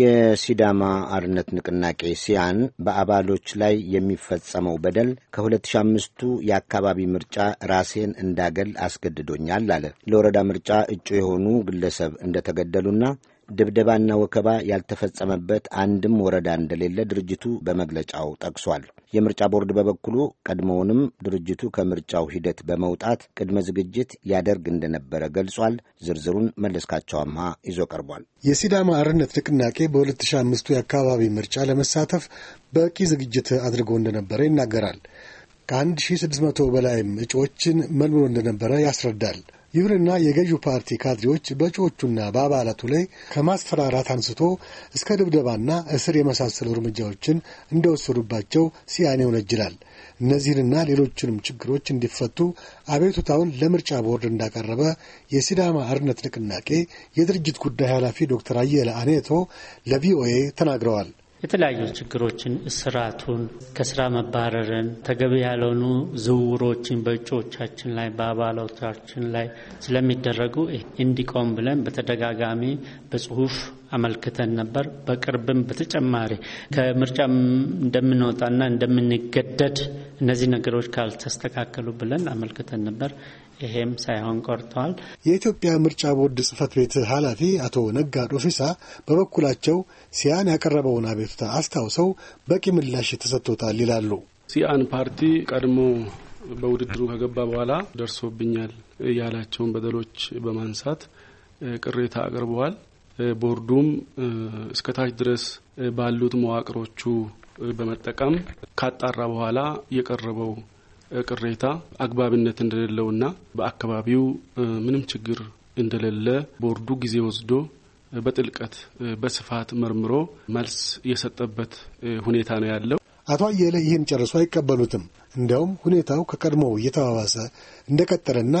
የሲዳማ አርነት ንቅናቄ ሲያን በአባሎች ላይ የሚፈጸመው በደል ከ2005ቱ የአካባቢ ምርጫ ራሴን እንዳገል አስገድዶኛል አለ። ለወረዳ ምርጫ እጩ የሆኑ ግለሰብ እንደተገደሉና ድብደባና ወከባ ያልተፈጸመበት አንድም ወረዳ እንደሌለ ድርጅቱ በመግለጫው ጠቅሷል። የምርጫ ቦርድ በበኩሉ ቀድሞውንም ድርጅቱ ከምርጫው ሂደት በመውጣት ቅድመ ዝግጅት ያደርግ እንደነበረ ገልጿል። ዝርዝሩን መለስካቸው አምሃ ይዞ ቀርቧል። የሲዳማ አርነት ንቅናቄ በ 2005 የአካባቢ ምርጫ ለመሳተፍ በቂ ዝግጅት አድርጎ እንደነበረ ይናገራል። ከ1600 በላይም እጩዎችን መልምሎ እንደነበረ ያስረዳል። ይሁንና የገዢው ፓርቲ ካድሬዎች በእጩዎቹና በአባላቱ ላይ ከማስፈራራት አንስቶ እስከ ድብደባና እስር የመሳሰሉ እርምጃዎችን እንደወሰዱባቸው ሲያን ይወነጅላል። እነዚህንና ሌሎችንም ችግሮች እንዲፈቱ አቤቱታውን ለምርጫ ቦርድ እንዳቀረበ የሲዳማ አርነት ንቅናቄ የድርጅት ጉዳይ ኃላፊ ዶክተር አየለ አኔቶ ለቪኦኤ ተናግረዋል። የተለያዩ ችግሮችን፣ እስራቱን፣ ከስራ መባረርን፣ ተገቢ ያልሆኑ ዝውውሮችን በእጩዎቻችን ላይ በአባላቶቻችን ላይ ስለሚደረጉ እንዲቆም ብለን በተደጋጋሚ በጽሁፍ አመልክተን ነበር። በቅርብም በተጨማሪ ከምርጫ እንደምንወጣና እንደምንገደድ እነዚህ ነገሮች ካልተስተካከሉ ብለን አመልክተን ነበር። ይሄም ሳይሆን ቆርተዋል። የኢትዮጵያ ምርጫ ቦርድ ጽህፈት ቤት ኃላፊ አቶ ነጋ ዶፊሳ በበኩላቸው ሲያን ያቀረበውን አቤቱታ አስታውሰው በቂ ምላሽ ተሰጥቶታል ይላሉ። ሲያን ፓርቲ ቀድሞ በውድድሩ ከገባ በኋላ ደርሶብኛል ያላቸውን በደሎች በማንሳት ቅሬታ አቅርበዋል። ቦርዱም እስከታች ድረስ ባሉት መዋቅሮቹ በመጠቀም ካጣራ በኋላ የቀረበው ቅሬታ አግባብነት እንደሌለውና በአካባቢው ምንም ችግር እንደሌለ ቦርዱ ጊዜ ወስዶ በጥልቀት በስፋት መርምሮ መልስ የሰጠበት ሁኔታ ነው ያለው። አቶ አየለ ይህን ጨርሶ አይቀበሉትም። እንዲያውም ሁኔታው ከቀድሞው እየተባባሰ እንደቀጠለና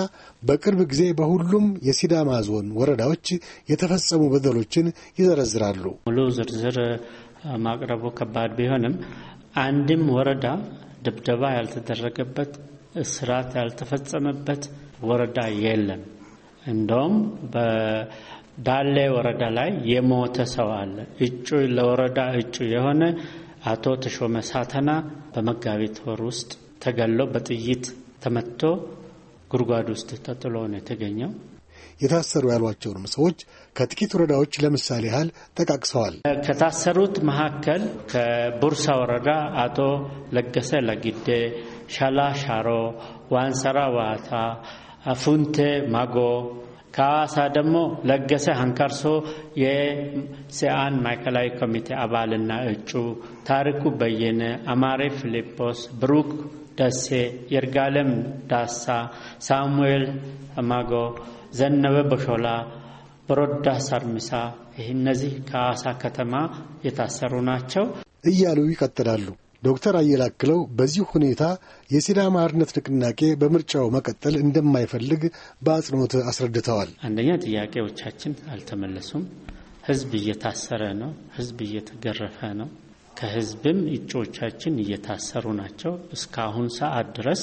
በቅርብ ጊዜ በሁሉም የሲዳማ ዞን ወረዳዎች የተፈጸሙ በደሎችን ይዘረዝራሉ። ሙሉ ዝርዝር ማቅረቡ ከባድ ቢሆንም አንድም ወረዳ ድብደባ ያልተደረገበት፣ እስራት ያልተፈጸመበት ወረዳ የለም። እንደውም በዳሌ ወረዳ ላይ የሞተ ሰው አለ። እጩ ለወረዳ እጩ የሆነ አቶ ተሾመ ሳተና በመጋቢት ወር ውስጥ ተገሎ በጥይት ተመትቶ ጉድጓድ ውስጥ ተጥሎ ነው የተገኘው። የታሰሩ ያሏቸውንም ሰዎች ከጥቂት ወረዳዎች ለምሳሌ ያህል ጠቃቅሰዋል። ከታሰሩት መካከል ከቡርሳ ወረዳ አቶ ለገሰ ለጊዴ፣ ሻላ ሻሮ፣ ዋንሰራ ዋታ፣ አፉንቴ ማጎ ከሐዋሳ ደግሞ ለገሰ አንከርሶ የሲአን ማዕከላዊ ኮሚቴ አባልና እጩ፣ ታሪኩ በየነ፣ አማሬ ፊልጶስ፣ ብሩክ ደሴ፣ የርጋለም ዳሳ፣ ሳሙኤል አማጎ፣ ዘነበ በሾላ፣ ብሮዳ ሳርሚሳ፣ እነዚህ ከሐዋሳ ከተማ የታሰሩ ናቸው እያሉ ይቀጥላሉ። ዶክተር አየለ አክለው በዚህ ሁኔታ የሲዳማ አርነት ንቅናቄ በምርጫው መቀጠል እንደማይፈልግ በአጽንኦት አስረድተዋል። አንደኛ ጥያቄዎቻችን አልተመለሱም። ህዝብ እየታሰረ ነው። ህዝብ እየተገረፈ ነው። ከህዝብም እጩዎቻችን እየታሰሩ ናቸው። እስካሁን ሰዓት ድረስ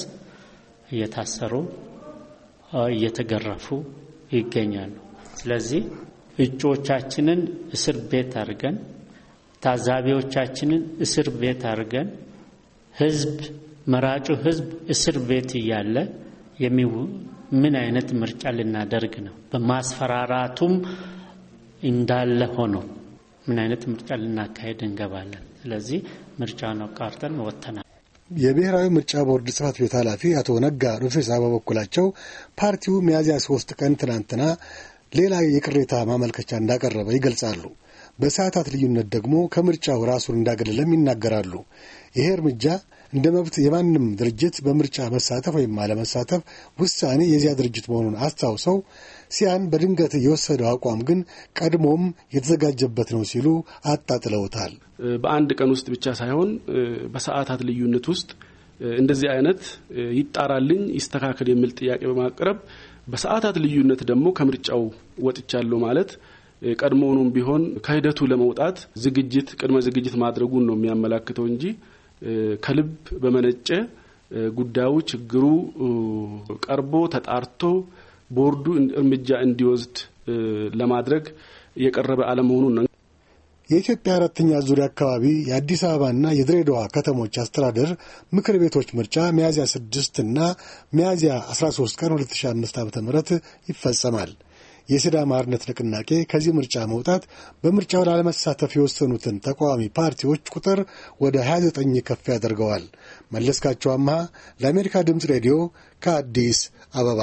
እየታሰሩ እየተገረፉ ይገኛሉ። ስለዚህ እጩዎቻችንን እስር ቤት አድርገን ታዛቢዎቻችንን እስር ቤት አድርገን ህዝብ መራጩ ህዝብ እስር ቤት እያለ ምን አይነት ምርጫ ልናደርግ ነው? በማስፈራራቱም እንዳለ ሆኖ ምን አይነት ምርጫ ልናካሄድ እንገባለን? ስለዚህ ምርጫውን አቋርጠን ወጥተናል። የብሔራዊ ምርጫ ቦርድ ጽህፈት ቤት ኃላፊ አቶ ነጋ ሩፌሳ በበኩላቸው ፓርቲው ሚያዝያ ሶስት ቀን ትናንትና ሌላ የቅሬታ ማመልከቻ እንዳቀረበ ይገልጻሉ። በሰዓታት ልዩነት ደግሞ ከምርጫው ራሱን እንዳገለለም ይናገራሉ። ይሄ እርምጃ እንደ መብት የማንም ድርጅት በምርጫ መሳተፍ ወይም አለመሳተፍ ውሳኔ የዚያ ድርጅት መሆኑን አስታውሰው ሲያን በድንገት የወሰደው አቋም ግን ቀድሞም የተዘጋጀበት ነው ሲሉ አጣጥለውታል። በአንድ ቀን ውስጥ ብቻ ሳይሆን በሰዓታት ልዩነት ውስጥ እንደዚህ አይነት ይጣራልኝ፣ ይስተካከል የሚል ጥያቄ በማቅረብ በሰዓታት ልዩነት ደግሞ ከምርጫው ወጥቻለሁ ማለት ቀድሞውኑም ቢሆን ከሂደቱ ለመውጣት ዝግጅት ቅድመ ዝግጅት ማድረጉን ነው የሚያመላክተው እንጂ ከልብ በመነጨ ጉዳዩ ችግሩ ቀርቦ ተጣርቶ ቦርዱ እርምጃ እንዲወስድ ለማድረግ የቀረበ አለመሆኑን ነው። የኢትዮጵያ አራተኛ ዙሪያ አካባቢ የአዲስ አበባና የድሬዳዋ ከተሞች አስተዳደር ምክር ቤቶች ምርጫ ሚያዝያ 6 እና ሚያዝያ 13 ቀን 2005 ዓ ም ይፈጸማል። የሲዳማ አርነት ንቅናቄ ከዚህ ምርጫ መውጣት በምርጫው ላለመሳተፍ የወሰኑትን ተቃዋሚ ፓርቲዎች ቁጥር ወደ 29 ከፍ ያደርገዋል። መለስካቸው አምሃ ለአሜሪካ ድምፅ ሬዲዮ ከአዲስ አበባ